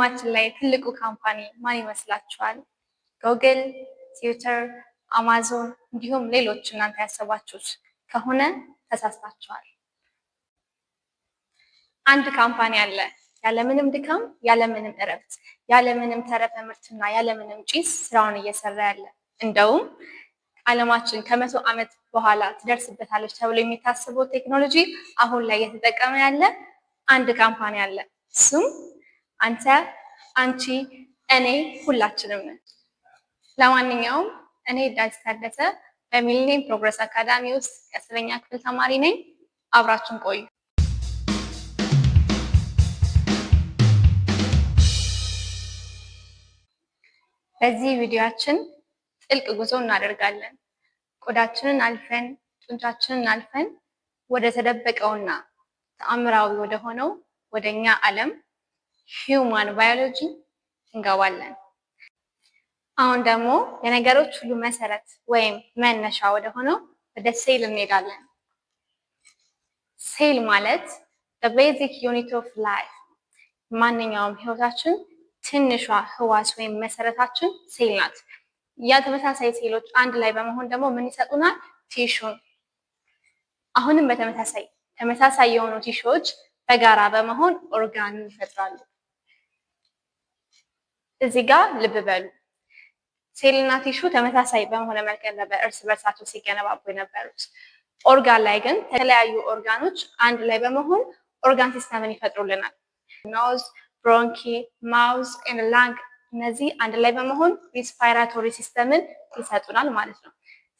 ማችን ላይ ትልቁ ካምፓኒ ማን ይመስላችኋል? ጎግል፣ ትዊተር፣ አማዞን እንዲሁም ሌሎች እናንተ ያሰባችሁት ከሆነ ተሳስታችኋል። አንድ ካምፓኒ አለ ያለምንም ድካም፣ ያለምንም እረፍት፣ ያለምንም ተረፈ ምርትና ያለምንም ጭስ ስራውን እየሰራ ያለ እንደውም አለማችን ከመቶ ዓመት በኋላ ትደርስበታለች ተብሎ የሚታስበው ቴክኖሎጂ አሁን ላይ እየተጠቀመ ያለ አንድ ካምፓኒ አለ እሱም አንተ፣ አንቺ፣ እኔ ሁላችንም ነን። ለማንኛውም እኔ ዳዊት ታደሰ በሚሊኒየም ፕሮግረስ አካዳሚ ውስጥ የአስረኛ ክፍል ተማሪ ነኝ። አብራችሁን ቆዩ። በዚህ ቪዲዮአችን ጥልቅ ጉዞ እናደርጋለን። ቆዳችንን አልፈን ጡንቻችንን አልፈን ወደ ተደበቀውና ተአምራዊ ወደሆነው ወደኛ ዓለም ሂውማን ባዮሎጂ እንገባለን። አሁን ደግሞ የነገሮች ሁሉ መሰረት ወይም መነሻ ወደ ሆነው ወደ ሴል እንሄዳለን። ሴል ማለት በቤዚክ ዩኒት ኦፍ ላይፍ፣ ማንኛውም ህይወታችን ትንሿ ህዋስ ወይም መሰረታችን ሴል ናት። ያ ተመሳሳይ ሴሎች አንድ ላይ በመሆን ደግሞ ምን ይሰጡናል? ቲሹን። አሁንም በተመሳሳይ ተመሳሳይ የሆኑ ቲሹዎች በጋራ በመሆን ኦርጋን ይፈጥራሉ። እዚህ ጋር ልብ በሉ ሴልና ቲሹ ተመሳሳይ በመሆነ መልክ ነበር እርስ በርሳቸው ሲገነባቡ የነበሩት። ኦርጋን ላይ ግን የተለያዩ ኦርጋኖች አንድ ላይ በመሆን ኦርጋን ሲስተምን ይፈጥሩልናል። ኖዝ፣ ብሮንኪ፣ ማውዝ፣ ላንግ እነዚህ አንድ ላይ በመሆን ሪስፓይራቶሪ ሲስተምን ይሰጡናል ማለት ነው።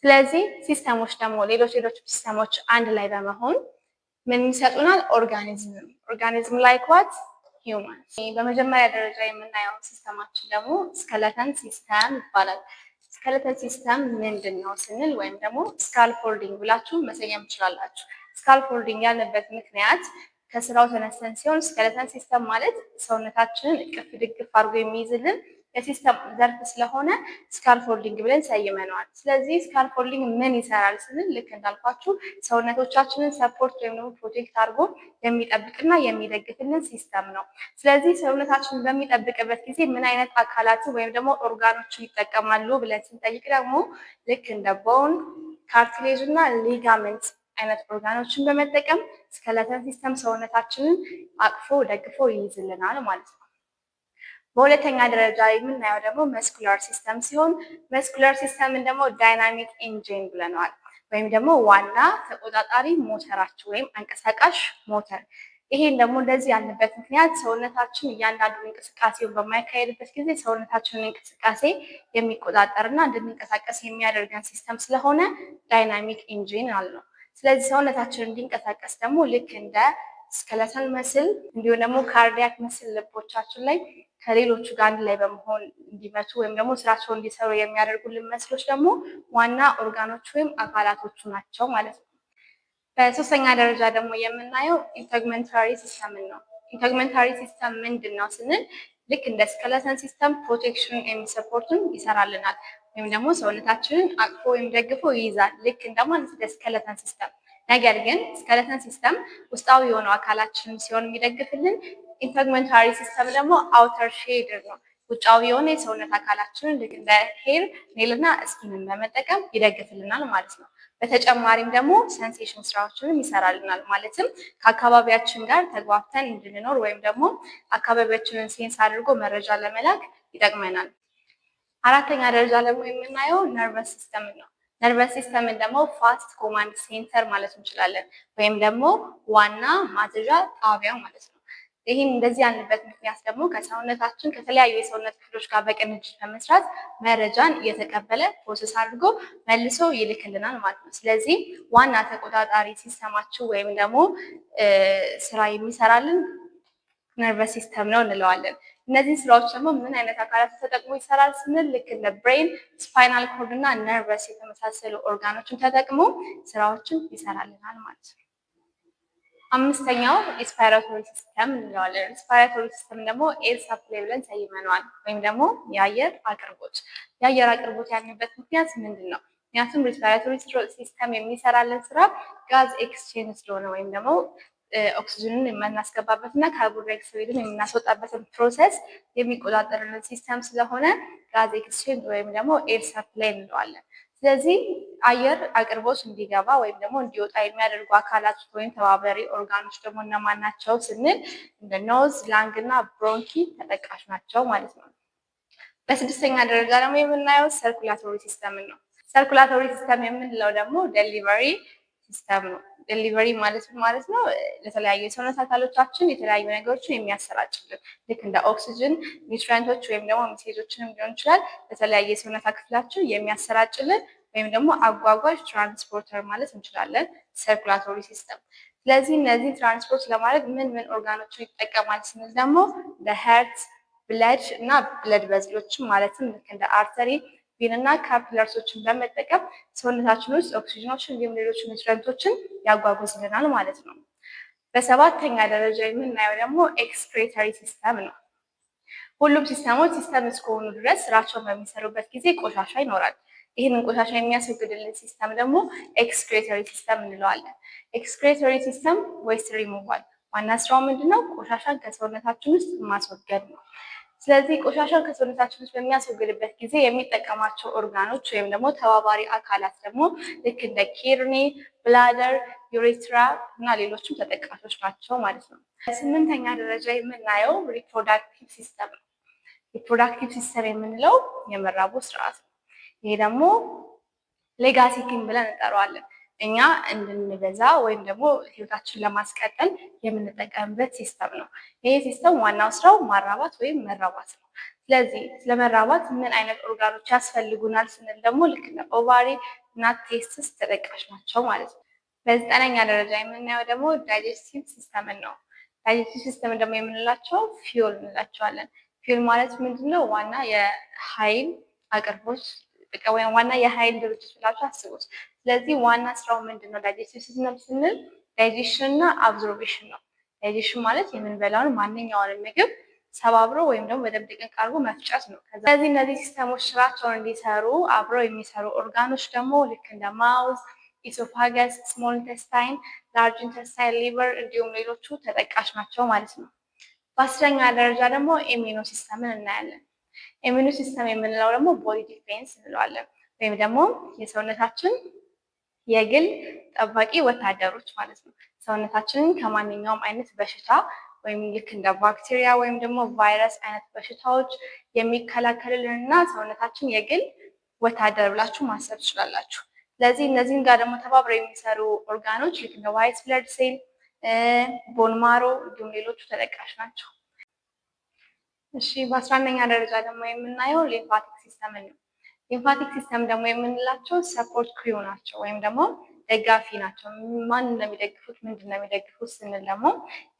ስለዚህ ሲስተሞች ደግሞ ሌሎች ሌሎች ሲስተሞች አንድ ላይ በመሆን ምን ይሰጡናል? ኦርጋኒዝም ኦርጋኒዝም ላይክ ዋት ሂውማንስ። በመጀመሪያ ደረጃ የምናየው ሲስተማችን ደግሞ ስከለተን ሲስተም ይባላል። ስከለተን ሲስተም ምንድን ነው ስንል ወይም ደግሞ ስካልፎልዲንግ ብላችሁ መሰየም ትችላላችሁ። ስካልፎልዲንግ ያልንበት ምክንያት ከስራው ተነስተን ሲሆን ስከለተን ሲስተም ማለት ሰውነታችንን እቅፍ ድግፍ አድርጎ የሚይዝልን የሲስተም ዘርፍ ስለሆነ ስካልፎልዲንግ ብለን ሰይመነዋል። ስለዚህ ስካልፎልዲንግ ምን ይሰራል ስንል ልክ እንዳልኳችሁ ሰውነቶቻችንን ሰፖርት ወይም ደግሞ ፕሮቴክት አድርጎ የሚጠብቅና የሚደግፍልን ሲስተም ነው። ስለዚህ ሰውነታችንን በሚጠብቅበት ጊዜ ምን አይነት አካላትን ወይም ደግሞ ኦርጋኖቹ ይጠቀማሉ ብለን ስንጠይቅ ደግሞ ልክ እንደ ቦን፣ ካርትሌጅ እና ሊጋመንት አይነት ኦርጋኖችን በመጠቀም ስከለተን ሲስተም ሰውነታችንን አቅፎ ደግፎ ይይዝልናል ማለት ነው። በሁለተኛ ደረጃ የምናየው ደግሞ መስኩላር ሲስተም ሲሆን መስኩላር ሲስተምን ደግሞ ዳይናሚክ ኢንጂን ብለነዋል። ወይም ደግሞ ዋና ተቆጣጣሪ ሞተራችን ወይም አንቀሳቃሽ ሞተር። ይሄን ደግሞ እንደዚህ ያለበት ምክንያት ሰውነታችን እያንዳንዱን እንቅስቃሴውን በማይካሄድበት ጊዜ ሰውነታችንን እንቅስቃሴ የሚቆጣጠርና እንድንንቀሳቀስ የሚያደርገን ሲስተም ስለሆነ ዳይናሚክ ኢንጂን አልነው። ስለዚህ ሰውነታችን እንዲንቀሳቀስ ደግሞ ልክ እንደ ስከለተል መስል እንዲሁም ደግሞ ካርዲያክ መስል ልቦቻችን ላይ ከሌሎቹ ጋር አንድ ላይ በመሆን እንዲመቱ ወይም ደግሞ ስራቸውን እንዲሰሩ የሚያደርጉልን መስሎች ደግሞ ዋና ኦርጋኖች ወይም አካላቶቹ ናቸው ማለት ነው። በሶስተኛ ደረጃ ደግሞ የምናየው ኢንተግመንታሪ ሲስተምን ነው። ኢንተግመንታሪ ሲስተም ምንድን ነው ስንል ልክ እንደ ስከለተን ሲስተም ፕሮቴክሽን ወይም ሰፖርትን ይሰራልናል ወይም ደግሞ ሰውነታችንን አቅፎ ወይም ደግፎ ይይዛል። ልክ እንደማለት እንደ ስከለተን ሲስተም ነገር ግን ስከለተን ሲስተም ውስጣዊ የሆነው አካላችን ሲሆን የሚደግፍልን ኢንተግመንታሪ ሲስተም ደግሞ አውተር ሼድር ነው። ውጫዊ የሆነ የሰውነት አካላችንን ልክ እንደ ሄር ኔልና እስኪንን በመጠቀም ይደግፍልናል ማለት ነው። በተጨማሪም ደግሞ ሴንሴሽን ስራዎችንም ይሰራልናል። ማለትም ከአካባቢያችን ጋር ተግባብተን እንድንኖር ወይም ደግሞ አካባቢያችንን ሴንስ አድርጎ መረጃ ለመላክ ይጠቅመናል። አራተኛ ደረጃ ደግሞ የምናየው ነርቨስ ሲስተም ነው። ነርቨስ ሲስተምን ደግሞ ፋስት ኮማንድ ሴንተር ማለት እንችላለን፣ ወይም ደግሞ ዋና ማዘዣ ጣቢያ ማለት ነው። ይህን እንደዚህ ያልንበት ምክንያት ደግሞ ከሰውነታችን ከተለያዩ የሰውነት ክፍሎች ጋር በቅንጅት በመስራት መረጃን እየተቀበለ ፕሮሰስ አድርጎ መልሶ ይልክልናል ማለት ነው። ስለዚህ ዋና ተቆጣጣሪ ሲስተማችሁ ወይም ደግሞ ስራ የሚሰራልን ነርቨስ ሲስተም ነው እንለዋለን። እነዚህ ስራዎች ደግሞ ምን አይነት አካላት ተጠቅሞ ይሰራል ስንል ልክ እንደ ብሬን፣ ስፓይናል ኮርድ እና ነርቨስ የተመሳሰሉ ኦርጋኖችን ተጠቅሞ ስራዎችን ይሰራልናል ማለት ነው። አምስተኛው ኤስፓይራቶሪ ሲስተም እንለዋለን። ኤስፓይራቶሪ ሲስተም ደግሞ ኤር ሳፕላይ ብለን ሰይመነዋል፣ ወይም ደግሞ የአየር አቅርቦት። የአየር አቅርቦት ያለበት ምክንያት ምንድን ነው? ምክንያቱም ሪስፓይራቶሪ ሲስተም የሚሰራለን ስራ ጋዝ ኤክስቼንጅ ስለሆነ ወይም ደግሞ ኦክሲጅንን የምናስገባበት እና ካርቦን ዳይኦክሳይድን የምናስወጣበትን ፕሮሰስ የሚቆጣጠርልን ሲስተም ስለሆነ ጋዝ ኤክስቼንጅ ወይም ደግሞ ኤር ሳፕላይ እንለዋለን። ስለዚህ አየር አቅርቦት እንዲገባ ወይም ደግሞ እንዲወጣ የሚያደርጉ አካላት ወይም ተባባሪ ኦርጋኖች ደግሞ እነማን ናቸው ስንል እንደ ኖዝ፣ ላንግ እና ብሮንኪ ተጠቃሽ ናቸው ማለት ነው። በስድስተኛ ደረጃ ደግሞ የምናየው ሰርኩላቶሪ ሲስተም ነው። ሰርኩላቶሪ ሲስተም የምንለው ደግሞ ደሊቨሪ ሲስተም ነው። ደሊቨሪ ማለት ማለት ነው ለተለያዩ የሰውነት አካሎቻችን የተለያዩ ነገሮችን የሚያሰራጭልን ልክ እንደ ኦክሲጅን፣ ኒውትሪንቶች ወይም ደግሞ ሚሴጆችንም ሊሆን ይችላል ለተለያየ የሰውነት ክፍላችን የሚያሰራጭልን ወይም ደግሞ አጓጓዥ ትራንስፖርተር ማለት እንችላለን። ሰርኩላቶሪ ሲስተም። ስለዚህ እነዚህ ትራንስፖርት ለማድረግ ምን ምን ኦርጋኖችን ይጠቀማል ስንል ደግሞ ለሄርት ብለድ እና ብለድ ቨዝሎችን ማለትም ልክ እንደ አርተሪ ቬን እና ካፕለርሶችን በመጠቀም ሰውነታችን ውስጥ ኦክሲጅኖችን እንዲሁም ሌሎች ኒውትረንቶችን ያጓጉዝልናል ማለት ነው። በሰባተኛ ደረጃ የምናየው ደግሞ ኤክስክሬተሪ ሲስተም ነው። ሁሉም ሲስተሞች ሲስተም እስከሆኑ ድረስ ስራቸውን በሚሰሩበት ጊዜ ቆሻሻ ይኖራል። ይህንን ቆሻሻ የሚያስወግድልን ሲስተም ደግሞ ኤክስክሬተሪ ሲስተም እንለዋለን። ኤክስክሬተሪ ሲስተም ዌስት ሪሙቫል ዋና ስራው ምንድነው? ቆሻሻን ከሰውነታችን ውስጥ ማስወገድ ነው። ስለዚህ ቆሻሻን ከሰውነታችን ውስጥ በሚያስወግድበት ጊዜ የሚጠቀማቸው ኦርጋኖች ወይም ደግሞ ተባባሪ አካላት ደግሞ ልክ እንደ ኪርኒ፣ ብላደር፣ ዩሬትራ እና ሌሎችም ተጠቃሾች ናቸው ማለት ነው። ስምንተኛ ደረጃ የምናየው ሪፕሮዳክቲቭ ሲስተም ነው። ሪፕሮዳክቲቭ ሲስተም የምንለው የመራቡ ስርዓት ነው። ይሄ ደግሞ ሌጋሲ ቲም ብለን እንጠራዋለን። እኛ እንድንበዛ ወይም ደግሞ ህይወታችን ለማስቀጠል የምንጠቀምበት ሲስተም ነው። ይሄ ሲስተም ዋናው ስራው ማራባት ወይም መራባት ነው። ስለዚህ ስለመራባት ምን አይነት ኦርጋኖች ያስፈልጉናል ስንል ደግሞ ልክ ኦቫሪ እና ቴስትስ ተጠቃሽ ናቸው ማለት ነው። በዘጠነኛ ደረጃ የምናየው ደግሞ ዳይጀስቲቭ ሲስተምን ነው። ዳይጀስቲቭ ሲስተም ደግሞ የምንላቸው ፊውል እንላቸዋለን። ፊውል ማለት ምንድነው? ዋና የሀይል አቅርቦት ወይም ዋና የሀይል ድርጅት ብላችሁ አስቡት። ስለዚህ ዋና ስራው ምንድን ነው? ዳይጀስቲቭ ሲስተም ስንል ዳይጀሽን እና አብዞርቤሽን ነው። ዳይጀሽን ማለት የምንበላውን ማንኛውንም ምግብ ሰባብሮ ወይም ደግሞ በደንብ ድቅቅ አድርጎ መፍጨት ነው። ስለዚህ እነዚህ ሲስተሞች ስራቸውን እንዲሰሩ አብረው የሚሰሩ ኦርጋኖች ደግሞ ልክ እንደ ማውዝ፣ ኢሶፋገስ፣ ስሞል ኢንተስታይን፣ ላርጅ ኢንተስታይን፣ ሊቨር እንዲሁም ሌሎቹ ተጠቃሽ ናቸው ማለት ነው። በአስረኛ ደረጃ ደግሞ ኢሚኖ ሲስተምን እናያለን። ኢሚኒ ሲስተም የምንለው ደግሞ ቦዲ ዲፌንስ እንለዋለን ወይም ደግሞ የሰውነታችን የግል ጠባቂ ወታደሮች ማለት ነው። ሰውነታችንን ከማንኛውም አይነት በሽታ ወይም ልክ እንደ ባክቴሪያ ወይም ደግሞ ቫይረስ አይነት በሽታዎች የሚከላከልልን እና ሰውነታችን የግል ወታደር ብላችሁ ማሰብ ትችላላችሁ። ስለዚህ እነዚህም ጋር ደግሞ ተባብረው የሚሰሩ ኦርጋኖች ልክ እንደ ዋይት ብለድ ሴል፣ ቦንማሮ እንዲሁም ሌሎቹ ተጠቃሽ ናቸው። እሺ በአስራ አንደኛ ደረጃ ደግሞ የምናየው ሊምፋቲክ ሲስተምን ነው። ሊምፋቲክ ሲስተም ደግሞ የምንላቸው ሰፖርት ክሪው ናቸው ወይም ደግሞ ደጋፊ ናቸው። ማን እንደሚደግፉት ምንድን እንደሚደግፉት ስንል ደግሞ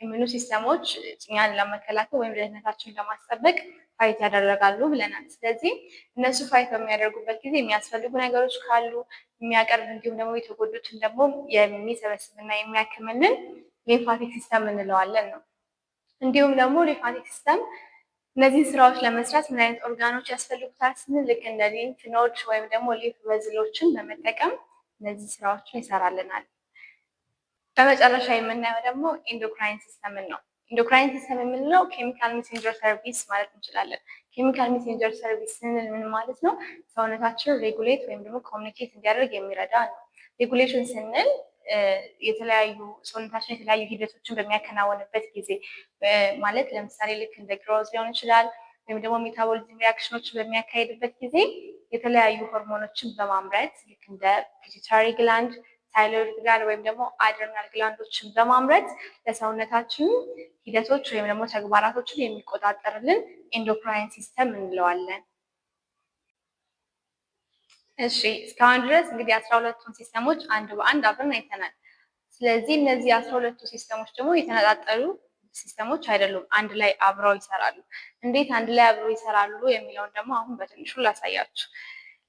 ኢሚኑ ሲስተሞች እኛን ለመከላከል ወይም ደህንነታችን ለማስጠበቅ ፋይት ያደረጋሉ ብለናል። ስለዚህ እነሱ ፋይት በሚያደርጉበት ጊዜ የሚያስፈልጉ ነገሮች ካሉ የሚያቀርብ እንዲሁም ደግሞ የተጎዱትን ደግሞ የሚሰበስብና የሚያክምልን ሊምፋቲክ ሲስተም እንለዋለን ነው። እንዲሁም ደግሞ ሊምፋቲክ ሲስተም እነዚህን ስራዎች ለመስራት ምን አይነት ኦርጋኖች ያስፈልጉታል ስንል ልክ እንደ ሊምፍ ኖድ ወይም ደግሞ ሊፍ በዝሎችን በመጠቀም እነዚህ ስራዎችን ይሰራልናል። በመጨረሻ የምናየው ደግሞ ኢንዶክራይን ሲስተምን ነው። ኢንዶክራይን ሲስተም የምንለው ኬሚካል ሜሴንጀር ሰርቪስ ማለት እንችላለን። ኬሚካል ሜሴንጀር ሰርቪስ ስንል ምን ማለት ነው? ሰውነታችን ሬጉሌት ወይም ደግሞ ኮሚኒኬት እንዲያደርግ የሚረዳ ነው። ሬጉሌሽን ስንል የተለያዩ ሰውነታችን የተለያዩ ሂደቶችን በሚያከናወንበት ጊዜ ማለት ለምሳሌ ልክ እንደ ግሮዝ ሊሆን ይችላል ወይም ደግሞ ሜታቦሊዝም ሪያክሽኖችን በሚያካሄድበት ጊዜ የተለያዩ ሆርሞኖችን በማምረት ልክ እንደ ፒቲታሪ ግላንድ፣ ታይሮይድ ግላንድ ወይም ደግሞ አድረናል ግላንዶችን በማምረት ለሰውነታችን ሂደቶች ወይም ደግሞ ተግባራቶችን የሚቆጣጠርልን ኤንዶክራይን ሲስተም እንለዋለን። እሺ እስካሁን ድረስ እንግዲህ አስራ ሁለቱን ሲስተሞች አንድ በአንድ አብረን አይተናል። ስለዚህ እነዚህ አስራ ሁለቱ ሲስተሞች ደግሞ የተነጣጠሉ ሲስተሞች አይደሉም፣ አንድ ላይ አብረው ይሰራሉ። እንዴት አንድ ላይ አብረው ይሰራሉ የሚለውን ደግሞ አሁን በትንሹ ላሳያችሁ።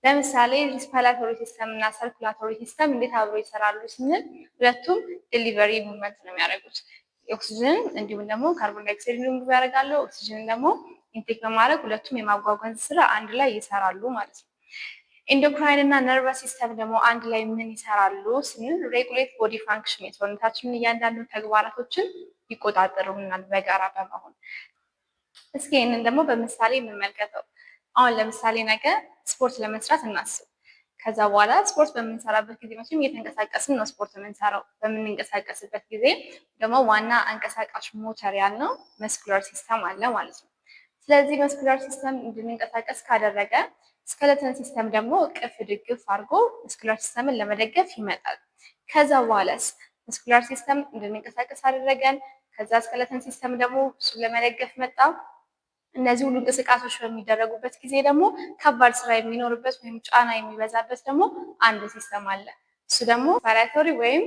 ለምሳሌ ሪስፓይላቶሪ ሲስተም እና ሰርኩላቶሪ ሲስተም እንዴት አብረው ይሰራሉ ስንል ሁለቱም ዴሊቨሪ ሙቭመንት ነው የሚያደርጉት። ኦክሲጅን እንዲሁም ደግሞ ካርቦን ዳይኦክሳይድ ሪሙቭ ያደርጋሉ። ኦክሲጅን ደግሞ ኢንቴክ በማድረግ ሁለቱም የማጓጓዝ ስራ አንድ ላይ ይሰራሉ ማለት ነው። ኢንዶክራይን እና ነርቨስ ሲስተም ደግሞ አንድ ላይ ምን ይሰራሉ ስንል ሬጉሌት ቦዲ ፋንክሽን የሰውነታችንን እያንዳንዱ ተግባራቶችን ይቆጣጠሩናል በጋራ በመሆን። እስኪ ይህንን ደግሞ በምሳሌ የምንመልከተው አሁን ለምሳሌ ነገ ስፖርት ለመስራት እናስብ። ከዛ በኋላ ስፖርት በምንሰራበት ጊዜ መቼም እየተንቀሳቀስን ነው ስፖርት የምንሰራው። በምንንቀሳቀስበት ጊዜ ደግሞ ዋና አንቀሳቃሽ ሞተር ያልነው መስኩላር ሲስተም አለ ማለት ነው። ስለዚህ መስኩላር ሲስተም እንድንንቀሳቀስ ካደረገ ስኬለተን ሲስተም ደግሞ እቅፍ ድግፍ አድርጎ መስኩላር ሲስተምን ለመደገፍ ይመጣል። ከዛ በኋላስ መስኩላር ሲስተም እንድንንቀሳቀስ አደረገን። ከዛ ስኬለተን ሲስተም ደግሞ እሱን ለመደገፍ መጣ። እነዚህ ሁሉ እንቅስቃሴዎች በሚደረጉበት ጊዜ ደግሞ ከባድ ስራ የሚኖርበት ወይም ጫና የሚበዛበት ደግሞ አንድ ሲስተም አለ። እሱ ደግሞ ፓራቶሪ ወይም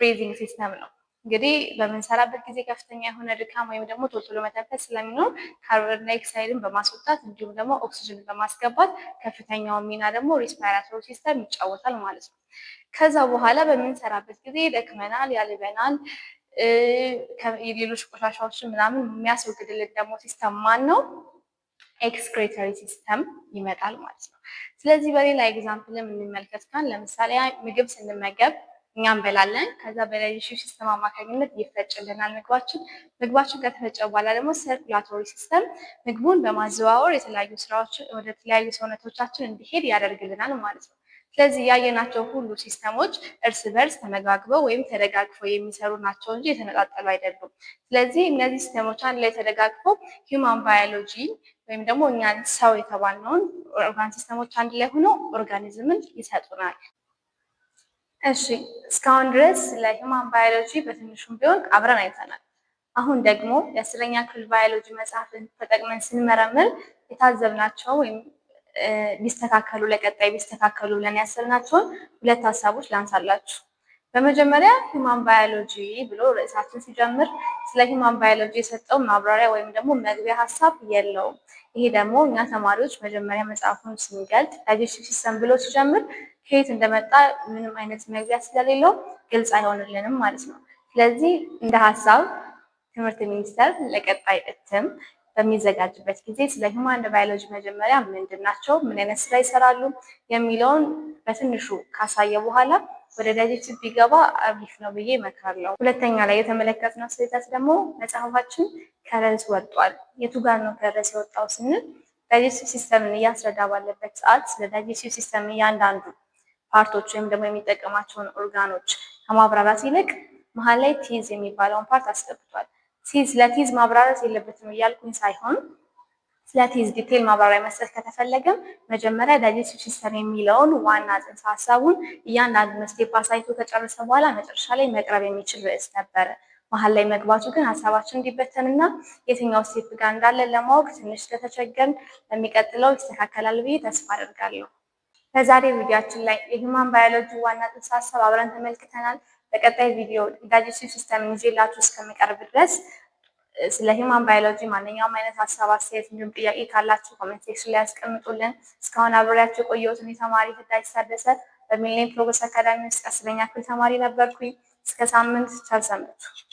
ብሬዚንግ ሲስተም ነው። እንግዲህ በምንሰራበት ጊዜ ከፍተኛ የሆነ ድካም ወይም ደግሞ ቶቶሎ መተንፈስ ስለሚኖር ካርቦን ዳይኦክሳይድን በማስወጣት እንዲሁም ደግሞ ኦክሲጅን በማስገባት ከፍተኛውን ሚና ደግሞ ሪስፓይራቶሪ ሲስተም ይጫወታል ማለት ነው። ከዛ በኋላ በምንሰራበት ጊዜ ደክመናል፣ ያልበናል፣ ሌሎች ቆሻሻዎችን ምናምን የሚያስወግድልን ደግሞ ሲስተም ማን ነው? ኤክስክሬተሪ ሲስተም ይመጣል ማለት ነው። ስለዚህ በሌላ ኤግዛምፕል የምንመልከት ካን ለምሳሌ ምግብ ስንመገብ እኛ እንበላለን። ከዛ በዳይጀሽን ሲስተም አማካኝነት ይፈጭልናል ምግባችን። ምግባችን ከተፈጨ በኋላ ደግሞ ሰርኩላቶሪ ሲስተም ምግቡን በማዘዋወር የተለያዩ ስራዎች ወደ ተለያዩ ሰውነቶቻችን እንዲሄድ ያደርግልናል ማለት ነው። ስለዚህ ያየናቸው ሁሉ ሲስተሞች እርስ በርስ ተመጋግበው ወይም ተደጋግፈው የሚሰሩ ናቸው እንጂ የተነጣጠሉ አይደሉም። ስለዚህ እነዚህ ሲስተሞች አንድ ላይ ተደጋግፈው ሂውማን ባዮሎጂ ወይም ደግሞ እኛ ሰው የተባልነውን ኦርጋን ሲስተሞች አንድ ላይ ሆኖ ኦርጋኒዝምን ይሰጡናል። እሺ እስካሁን ድረስ ስለ ባዮሎጂ በትንሹም ቢሆን አብረን አይተናል። አሁን ደግሞ የአስረኛ ክፍል ባዮሎጂ መጽሐፍን ተጠቅመን ስንመረምር የታዘብናቸው ወይም ቢስተካከሉ ለቀጣይ ቢስተካከሉ ብለን ያሰብናቸውን ሁለት ሀሳቦች ላንሳላችሁ። በመጀመሪያ ሂማን ባዮሎጂ ብሎ ርዕሳችን ሲጀምር ስለ ሂማን ባዮሎጂ የሰጠው ማብራሪያ ወይም ደግሞ መግቢያ ሀሳብ የለውም። ይሄ ደግሞ እኛ ተማሪዎች መጀመሪያ መጽሐፉን ስንገልጥ ዳይጀስቲቭ ሲስተም ብሎ ሲጀምር ከየት እንደመጣ ምንም አይነት መግቢያ ስለሌለው ግልጽ አይሆንልንም ማለት ነው። ስለዚህ እንደ ሀሳብ ትምህርት ሚኒስቴር ለቀጣይ እትም በሚዘጋጅበት ጊዜ ስለ ሂውማን ባዮሎጂ መጀመሪያ ምንድን ናቸው፣ ምን አይነት ስራ ይሰራሉ የሚለውን በትንሹ ካሳየ በኋላ ወደ ዳይጀስቲቭ ቢገባ አሪፍ ነው ብዬ እመክራለሁ። ሁለተኛ ላይ የተመለከትነው ስህተት ደግሞ መጽሐፋችን ከርዕስ ወጥቷል። የቱ ጋር ነው ከርዕስ የወጣው ስንል ዳይጀስቲቭ ሲስተምን እያስረዳ ባለበት ሰዓት ስለ ዳይጀስቲቭ ሲስተም እያንዳንዱ ፓርቶች ወይም ደግሞ የሚጠቀማቸውን ኦርጋኖች ከማብራራት ይልቅ መሀል ላይ ቲዝ የሚባለውን ፓርት አስገብቷል። ቲዝ ለቲዝ ማብራራት የለበትም እያልኩኝ ሳይሆን ስለ ቲዝ ዲቴል ማብራሪያ መስጠት ከተፈለገም መጀመሪያ ዳይጀስቲቭ ሲስተም የሚለውን ዋና ጽንሰ ሀሳቡን እያንዳንዱ ስቴፕ አሳይቶ ከጨረሰ በኋላ መጨረሻ ላይ መቅረብ የሚችል ርዕስ ነበረ። መሀል ላይ መግባቱ ግን ሀሳባችን እንዲበተንና የትኛው ስቴፕ ጋር እንዳለን ለማወቅ ትንሽ ስለተቸገርን ለሚቀጥለው ይስተካከላል ብዬ ተስፋ አደርጋለሁ። በዛሬ ቪዲዮአችን ላይ የሂውማን ባዮሎጂ ዋና ጥንሰ ሀሳብ አብረን ተመልክተናል። በቀጣይ ቪዲዮ ዳይጀስቲቭ ሲስተም ይዤላችሁ እስከሚቀርብ ድረስ ስለ ሂውማን ባዮሎጂ ማንኛውም አይነት ሀሳብ፣ አስተያየት እንዲሁም ጥያቄ ካላችሁ ኮሜንት ሴክሽን ላይ ያስቀምጡልን። እስካሁን አብሬያችሁ የቆየሁትን የተማሪ ህዳጅ ታደሰ በሚሊኒየም ፕሮግረስ አካዳሚ ውስጥ አስረኛ ክፍል ተማሪ ነበርኩኝ። እስከ ሳምንት ቸር ሰንብቱ።